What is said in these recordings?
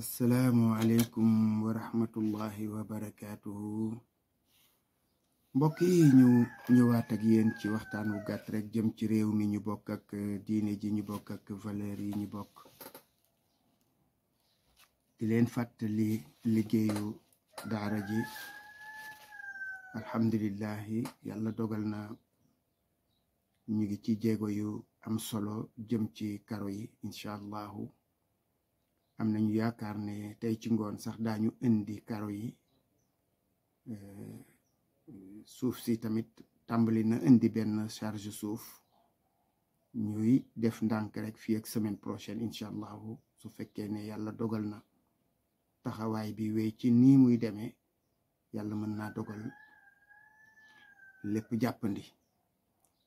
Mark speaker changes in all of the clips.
Speaker 1: asalaamualeykum wa rahmatullahi wa mbokk yi ñu ñëwaat ak yéen ci waxtaan wu gàtt jëm ci réew mi ñu bokk ak diine ji ñu bokk ak valeur yi ñu bokk di leen fàttali liggéeyu daara ji alhamdulillahi yàlla dogal na ñu ngi ci jéego yu am solo jëm ci karo yi incha allahu am nañu yaakaar ne tey ci ngoon sax daañu indi karo yi euh, suuf si tamit tàmbali na indi benn charge suuf ñuy def ndànk rek fii ak semaine prochaine incha allahu su fekkee ne yàlla dogal na taxawaay bi wéy ci nii muy demee yàlla mën naa dogal lépp jàppandi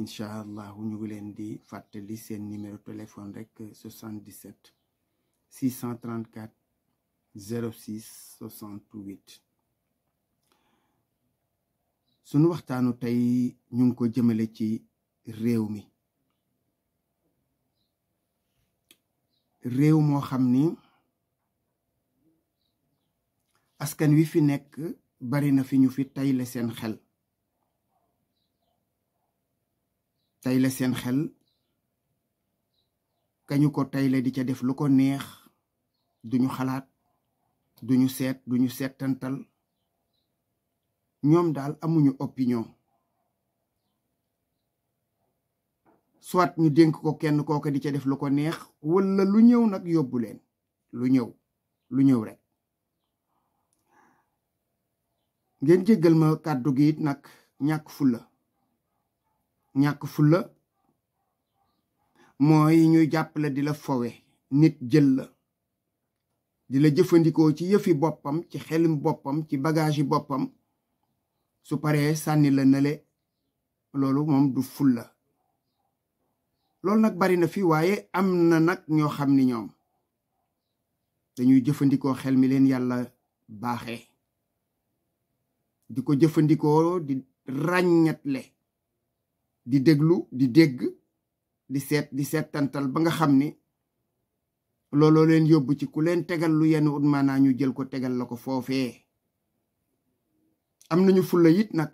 Speaker 1: incha allahu ñu ngi leen di fàttali seen numéro téléphone rek 77 euh, 634 06 68 sunu waxtaanu tey ñu ngi ko jëmale ci réew mi réew moo xam ni askan wi fi nekk bari na fi ñu fi tey seen xel tey seen xel kañu ko tey di ca def lu ko neex duñu xalaat duñu seet duñu seetantal ñoom daal amuñu opinion soit ñu dénk ko kenn kooka di ca def lu ko neex wala lu ñëw nag yóbbu leen lu ñëw lu ñëw rekk ngeen jéggal ma kàddu gi nag ñàkk fulla ñàkk fulla mooy ñuy jàppale di la fowe nit jël la di la jëfandikoo ci yëfi boppam ci xelum boppam ci bagage yi boppam su paree sànni la nële loolu moom du ful la loolu nag bari na fi waaye am na nag ñoo xam ni ñoom dañuy jëfandikoo xel mi leen yàlla baaxee di ko jëfandikoo di ràññatle di déglu di dégg di seet di seetantal ba nga xam ni looloo leen yóbbu ci ku leen tegal lu yenn ut maanaa ñu jël ko tegal la ko foofee am nañu fulla yit nag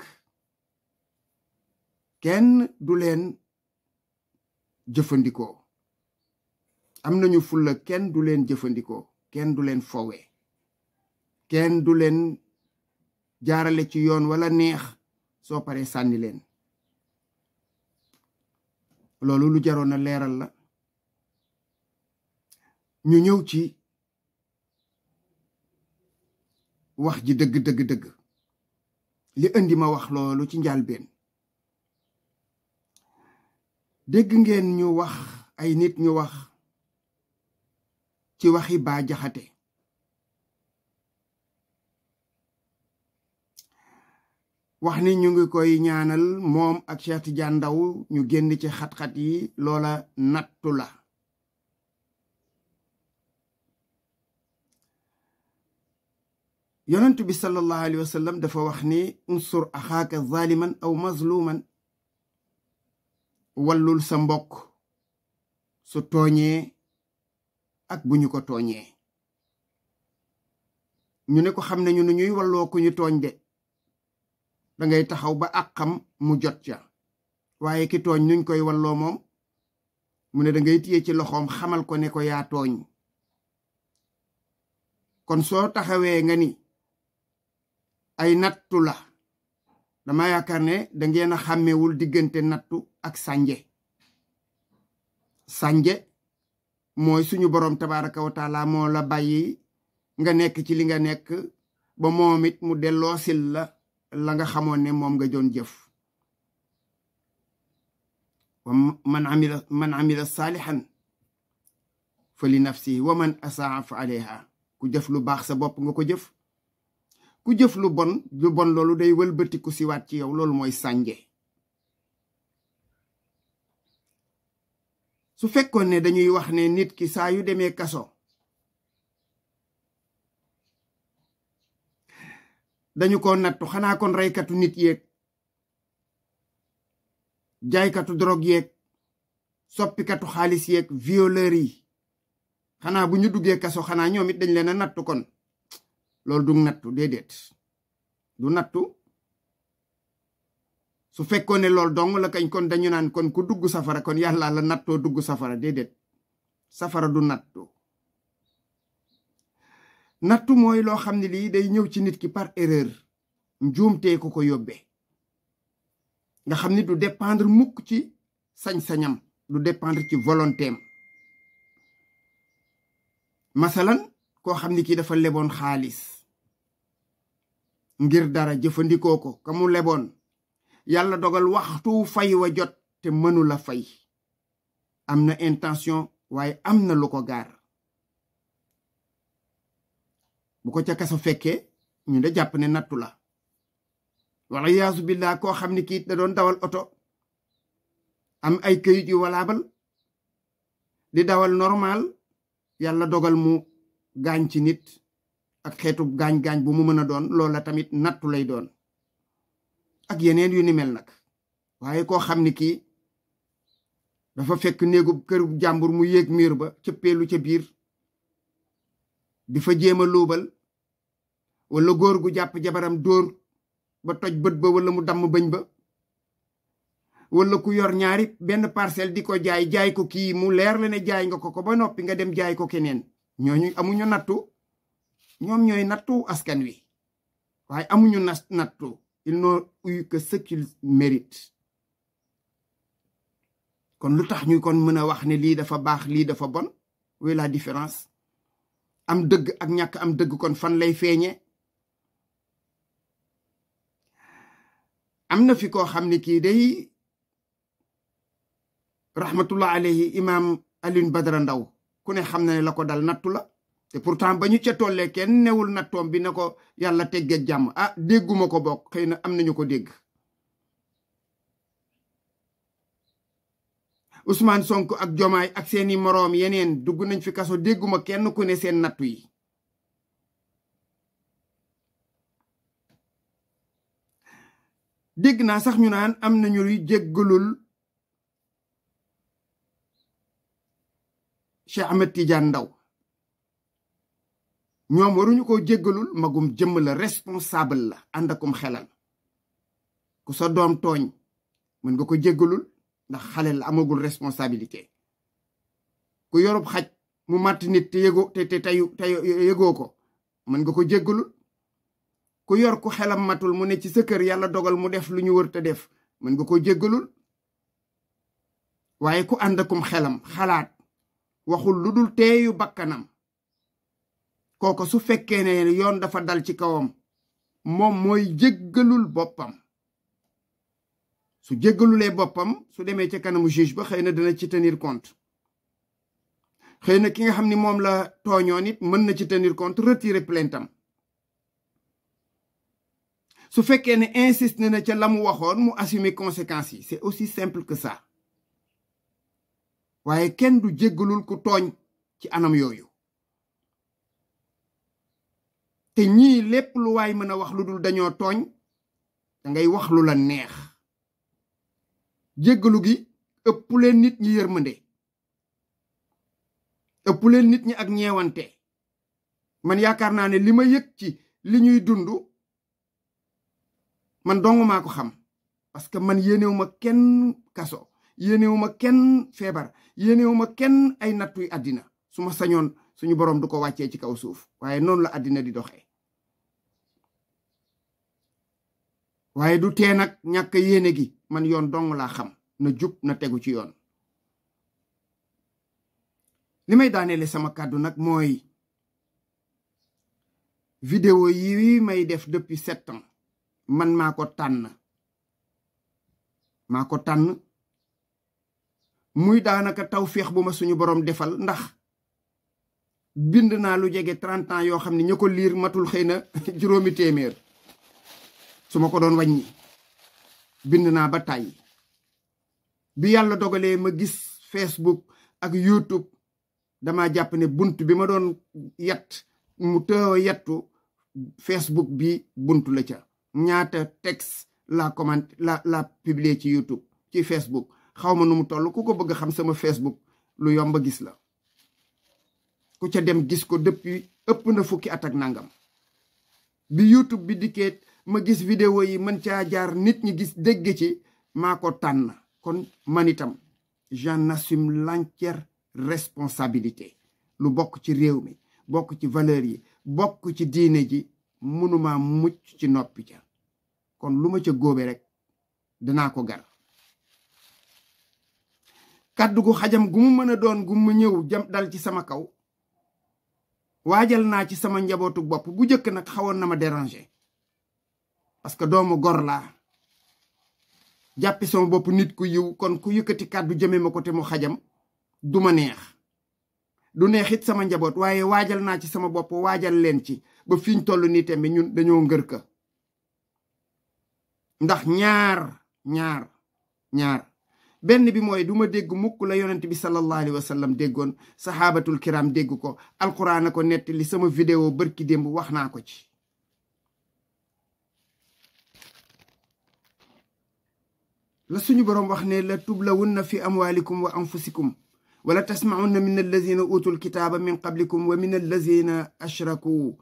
Speaker 1: kenn du leen jëfandikoo am nañu fulla kenn du leen jëfandikoo kenn du leen fowe kenn du leen jaarale ci yoon wala neex soo paree sànni leen loolu lu jaroon a leeral la ñu ñëw ci wax ji dëgg dëgg dëgg li indi ma wax loolu ci njàlbeen dégg ngeen ñu wax ay nit ñu wax ci waxi Bah Diakhaté wax ni ñu ngi koy ñaanal moom ak Cheikh Tidiane ñu génn ci xat-xat yi loola nattu la yonent bi sallallahu alayhi wa dafa wax ni unsur axaaka zaliman aw mazluman wallul sa mbokk su tooñee ak bu ñu ko tooñee ñu ne ko xam nañu nu ñuy walloo ku ñu tooñ de dangay taxaw ba xam mu jot ca waaye ki tooñ nuñ koy walloo moom mu ne dangay tiye ci loxoom xamal ko ne ko yaa tooñ kon soo taxawee nga ni ay nattu la dama yaakaar ne da ngeen a xàmmewul diggante nattu ak sànje sànje mooy suñu boroom tabaraka wa taala moo la bàyyi nga nekk ci li nga nekk ba moom it mu delloosil la la nga xamoon ne moom nga doon jëf wa man amila man amila fa li nafsihi wa man asaa fa aleyha ku jëf lu baax sa bopp nga ko jëf ku jëf lu bon lu bon loolu day wëlbatiku siwaat ci yow loolu mooy sànje su fekkoon ne dañuy wax ne nit ki saa yu demee kaso dañu ko nattu xanaa kon reykatu nit yeeg jaaykatu drogue yeeg soppikatu xaalis yeeg violeuri yi xanaa bu ñu duggee kaso xanaa ñoom it dañ leen a nattu kon loolu du nattu déedéet du nattu su fekkoon ne loolu dong la kañ kon dañu naan kon ku dugg safara kon yàlla la nattoo dugg safara déedéet safara du nattu nattu mooy loo xam ne lii day ñëw ci nit ki par erreur njuumtee ku ko yóbbee nga xam ni du dépendre mukk ci sañsañam du dépendre ci volontéem masalan koo xam ne kii dafa leboon xaalis ngir dara jëfandikoo ko kamu leboon yàlla dogal waxtu fay wa jot te mënula la fay am na intention waaye am na lu ko gaar bu ko ca kaso fekkee ñu da jàpp ne nattu la wala yaasu billaa koo xam ne kii da doon dawal oto am ay këyit yu walaabal di dawal normal yàlla dogal mu gaañ ci nit ak xeetu gaañ-gaañ bu mu mën a doon loola tamit nattu lay doon ak yeneen yu ni mel nag waaye koo xam ni kii dafa fekk néegu këru jàmbur mu yéeg miir ba cëppeelu ca biir di fa jéem a luubal walla góor gu jàpp jabaram dóor ba toj bët ba wala mu damm bëñ ba wala ku yor ñaari benn parcelle di ko jaay jaay ko kii mu leer la ne jaay nga ko ko ba noppi nga dem jaay ko keneen ñooñu amuñu nattu ñoom ñooy nattu askan wi waaye amuñu na nattu ils n'ont eu que ce kon lu tax ñu kon mën a wax ne lii dafa baax lii dafa bon wi la différence am dëgg ak ñàkk am dëgg kon fan lay feeñe am na fi koo xam ne kii day rahmatullah alayhi imam Alioune Badara Ndao ku ne xam na ne la ko dal nattu la te pourtant ba ñu ca tollee kenn newul nattoom bi ne ko yàlla teggee jàmm ah dégguma ko bokk xëy na am nañu ko dégg Ousmane sonk ak Jomaay ak seeni moroom yeneen dugg nañ fi kaso dégguma kenn ku ne seen nattu dégg naa sax ñu naan am nañuy jéggalul Cheikh Ahmed Tidiane Ndaw ñoom waruñu koo jéggalul magum jëmmala la responsable la ànd akum xelal ku sa doom tooñ mën nga ko jéggalul ndax xale la amagul responsabilité ku yorub xaj mu màtt nit te yëgoo te te tey yëgoo ko mën nga ko jéggalul ku yor ku xelam matul mu ne ci sa kër yàlla dogal mu def lu ñu wër te def mën nga ko jéggalul waaye ku ànd kum xelam xalaat waxul lu dul teeyu bakkanam kooku su fekkee ne yoon dafa dal ci kawam moom mooy jëggalul boppam su jéggalulee boppam su demee ca kanamu juge ba xëy na dana ci tenir compte xëy na ki nga xam ni moom la tooñoon it mën na ci tenir compte retirer plainte su fekkee ne insiste na na ca la mu waxoon mu assumer conséquences yi c'est aussi simple que sa waaye kenn du jéggalul ku tooñ ci anam yooyu te ñii lépp lu waay mën a wax lu dul dañoo tooñ da ngay wax lu la neex jéggalu gi ëpp leen nit ñi yërmande ëpp leen nit ñi ak ñeewante man yaakaar naa ne li ma yëg ci li ñuy dund man dong ko xam parce que man yéenewuma kenn kaso yéenewuma kenn feebar yéenewuma kenn ay nattuy àddina su ma sañoon suñu boroom du ko wàccee ci kaw suuf waaye noonu la àddina di doxee waaye du tee nag ñàkk yéene gi man yoon dong laa xam na jub na tegu ci yoon li may daaneele sama kàddu nag mooy vidéo yi may def depuis sept man maa ko tànn maa ko tànn muy daanaka taw tawféex bu ma suñu boroom defal ndax bind naa lu jege 30 ans yoo xam ne ña ko liir matul xëy na juróomi téeméer su ma ko doon wàññi bind naa ba tàyyi bi yàlla dogalee ma gis Facebook ak YouTube dama jàpp ne bunt bi ma doon yet mu tëw yattu Facebook bi bunt la ca ñaata texte la comment la la publier ci YouTube ci Facebook xaw ma nu mu toll ku ko bëgg xam sama Facebook lu yomb a gis la ku ca dem gis ko depuis ëpp na fukki at ak nangam bi YouTube bi dikkee ma gis vidéo yi mën caa jaar nit ñi gis dégg ci maa ko tànn kon manitam itam j'en assume responsabilité lu bokk ci réew mi bokk ci valeur yi bokk ci diine ji mënuma mucc ci noppi ca kon lu ma ca góobe rek danaa ko gar kàddu gu xajam gumu mu mën a doon gu ñëw jam dal ci sama kaw waajal naa ci sama njabootu bopp bu njëkk nag xawoon na ma déranger parce que doomu gor laa jàppi sama bopp nit ku yiw kon ku yëkkati kàddu jëme ma ko te mu xajam du ma neex du neexit sama njaboot waaye waajal naa ci sama bopp waajal leen ci ba fi ñu toll nii tamit ñun dañoo ngër ka ndax ñaar ñaar ñaar benn bi mooy du ma dégg mukk la yonent bi sallallahu alayhi wa sallam déggoon saxaabatul kiram ko alquran a ko nett li sama vidéo bërki démb wax naa ko ci la suñu boroom wax ne la tublawunna fi amwalikum wa anfusikum wala tasmaunna min allazina utul kitaaba min qablikum wa min allazina ashraku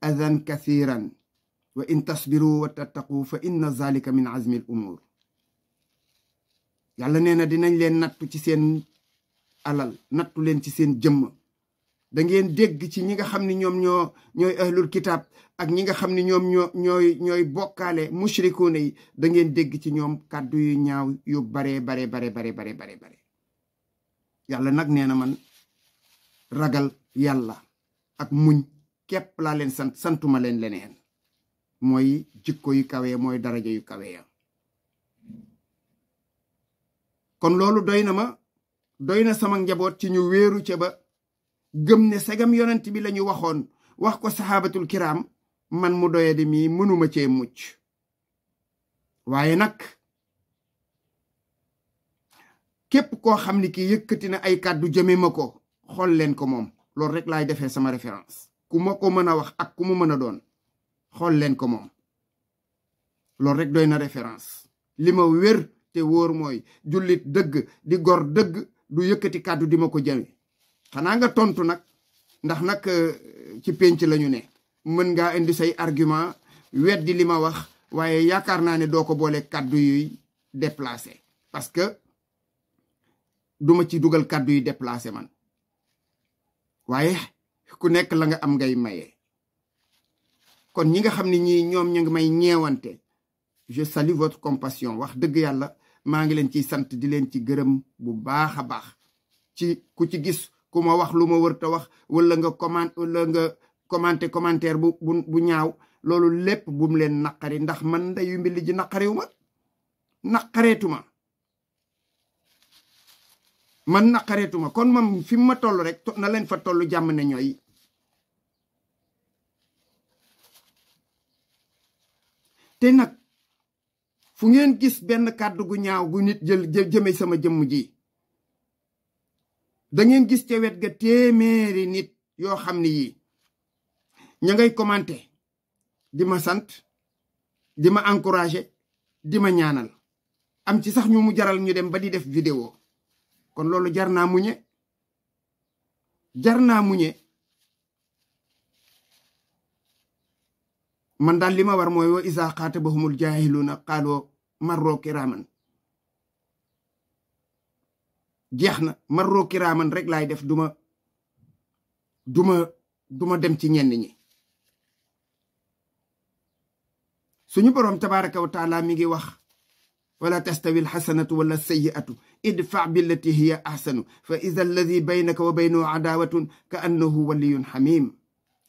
Speaker 1: adan kathiran wa in tasbiru wa tattaqu fa inna zalika min azmi al yàlla nee na dinañ leen nattu ci seen alal nattu leen ci seen jëmm da ngeen dégg ci ñi nga xam ni ñoom ñoo ñooy ahlul kitaab ak ñi nga xam ni ñoom ñoo ñooy ñooy bokkaale mushrikuuna yi da ngeen dégg ci ñoom kàddu yu ñaaw yu baree bare bare bare bare bare bare yàlla nag nee na man ragal yàlla ak muñ képp laa leen sant santuma leen leneen mooy jikko yu kawe mooy daraja yu kawe ya kon loolu doy na ma doy na sama njaboot ci ñu wéeru ca ba gëm ne segam yonent bi lañu waxoon wax ko saxaabatul kiraam man mu di mii mënuma cee mucc waaye nag képp koo xam ni kii yëkkati na ay kàddu jëme ma ko xool leen ko moom loolu rek laay defee sama référence ku ma ko mën a wax ak ku mu mën a doon xool leen ko moom loolu rek doy na référence li ma wér te wóor mooy jullit dëgg di gor dëgg du yëkkati kàddu di ma ko jame xanaa nga tontu nag ndax nag euh, ci pénc la ñu ne mën ngaa indi say argument weddi li ma wax waaye yaakaar naa ne doo ko boole kàddu yuy déplacé parce que duma ci dugal kàddu yu déplacé man waaye ku nekk la nga am ngay maye kon ñi nga xam ne ñi ñoom ñu ngi may ñeewante je salue votre compassion wax dëgg yàlla maa ngi leen ci sant di leen ci gërëm bu baax a baax ci ku ci gis ku ma wax lu ma wër wax walla nga comment wala commenté commentaire bu bu ñaaw loolu lépp bum leen naqari ndax man ndeyu mbili ji naqariwu ma naqareetuma man naqareetuma kon mam fi ma toll rek na leen fa tollu jàmm ne ñooy te nag fu ngeen gis benn kàddu gu ñaaw gu nit jël jëme sama jëmm ji dangeen gis ca wet ga téeméeri nit yoo xam ne yi ña ngay commenté di ma sant di ma encouragé di ma ñaanal am ci sax ñu mu jaral ñu dem ba di def vidéo kon loolu jar naa muñe jar naa muñe man daal li ma war mooy wa isa xaatabahumul jaahiluuna qaaloo marroo kiraaman jeex na marroo kiraaman rek laay def duma duma duma dem ci ñenn ñi suñu boroom tabaraka wa taala mi ngi wax wala tastawi alxasanatu wala sayi'atu idfa billati hiya axsanu fa ida alladi baynaka wa baynahu adaawatun ka annahu waliyun xamim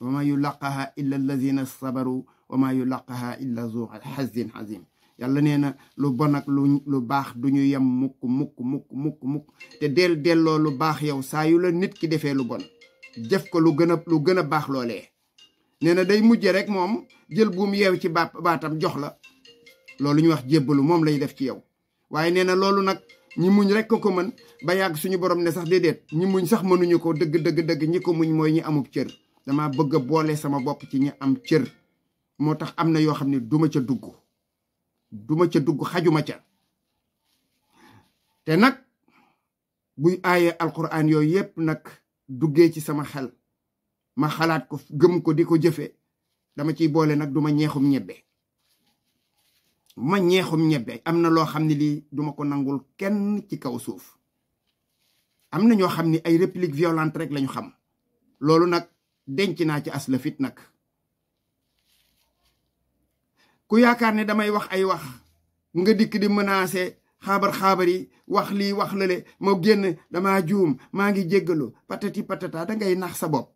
Speaker 1: wa ma yulaqaha illa alladina sabaru wa maa yulaqaha illa zu xazin azim yàlla nee na lu bon ak lu lu baax du ñu yem mukk mukk mukk mukk mukk te del delloo lu baax yow saa la nit ki defee lu bon jëf ko lu gën a lu gën a baax loolee nee na day mujje rek moom jël buum yeew ci ba baatam jox la loolu ñu wax jébbalu moom lay def ci yow waaye nee na loolu nag ñi muñ rek ko ko mën ba yàgg suñu borom ne sax déedéet ñi muñ sax mënuñu ko dëgg dëgg dëgg ñi ko muñ mooy ñi amub cër dama bëgg a boole sama bopp ci ñi am cër moo tax am na yoo xam ne duma ca dugg duma ca dugg xajuma ca te nag buy aayee alquran yooyu yépp nag duggee ci sama xel ma xalaat ko gëm ko di ko jëfe dama ciy boole nag duma ñeexum ñebbe ma ñeexum ñebbe am na loo xam ne lii duma ko nangul kenn ci kaw suuf am na ñoo xam ni ay réplique violente rek lañu xam loolu nag denc naa ci aslafit nag ku yaakaar ne damay wax ay wax nga dikk di menacer xaabar xaabar yi wax lii wax la le ma génn damaa juum maa ngi jéggalu patati patata da ngay nax sa bopp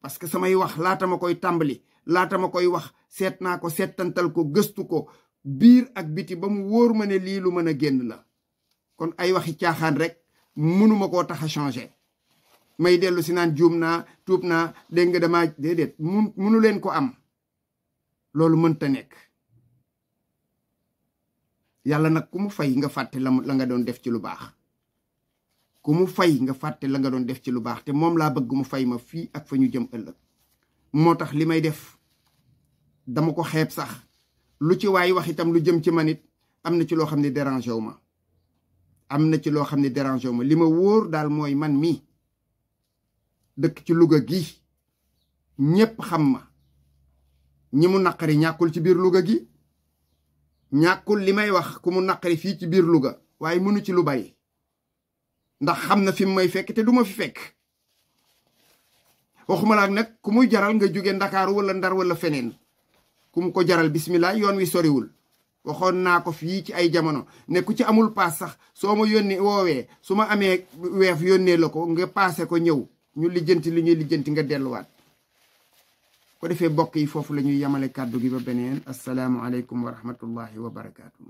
Speaker 1: parce que samay wax laata ma koy tàmbali laata ma koy wax seet naa ko seetantal ko gëstu ko biir ak biti ba mu wóor ma ne lii lu mën a génn la kon ay waxi caaxaan rek mënuma koo tax a changé may dellu si naan juum naa tuub naa dégg nga damaa déedéet mun munu leen ko am loolu mënta nekk yàlla nag ku mu fay nga fàtte la la nga doon def ci lu baax ku mu fay nga fàtte la nga doon def ci lu baax te moom laa bëgg mu fay ma fii ak fa ñu jëm ëllëg moo tax li may def dama ko xeeb sax lu ci waay wax itam lu jëm ci man it am na ci loo xam ne dérangé wu ma am na ci loo xam ne dérangé wu ma li ma wóor daal mooy man mii dëkk ci Louga gi ñépp xam ma ñi mu naqari ñàkkul ci biir Louga gi ñàkkul li may wax ku mu naqari fii ci biir Louga waaye mënu ci lu bari ndax xam na fi mu may fekk te du ma fi fekk waxuma laak nag ku muy jaral nga jóge ndakaaru wala ndar wala feneen kum ko jaral bismillah yoon wi soriwul waxoon naa ko fii ci ay jamono ne ku ci amul paas sax soo ma yónnee woowee su ma amee weef yónnee la ko nga paase ko ñëw ñu lijjanti li ñuy lijjanti nga delluwaat ko defee bokk yi foofu la ñuy yemale kàddu gi ba beneen asalaamualeykum wa rahmatullahi wa barakaatu.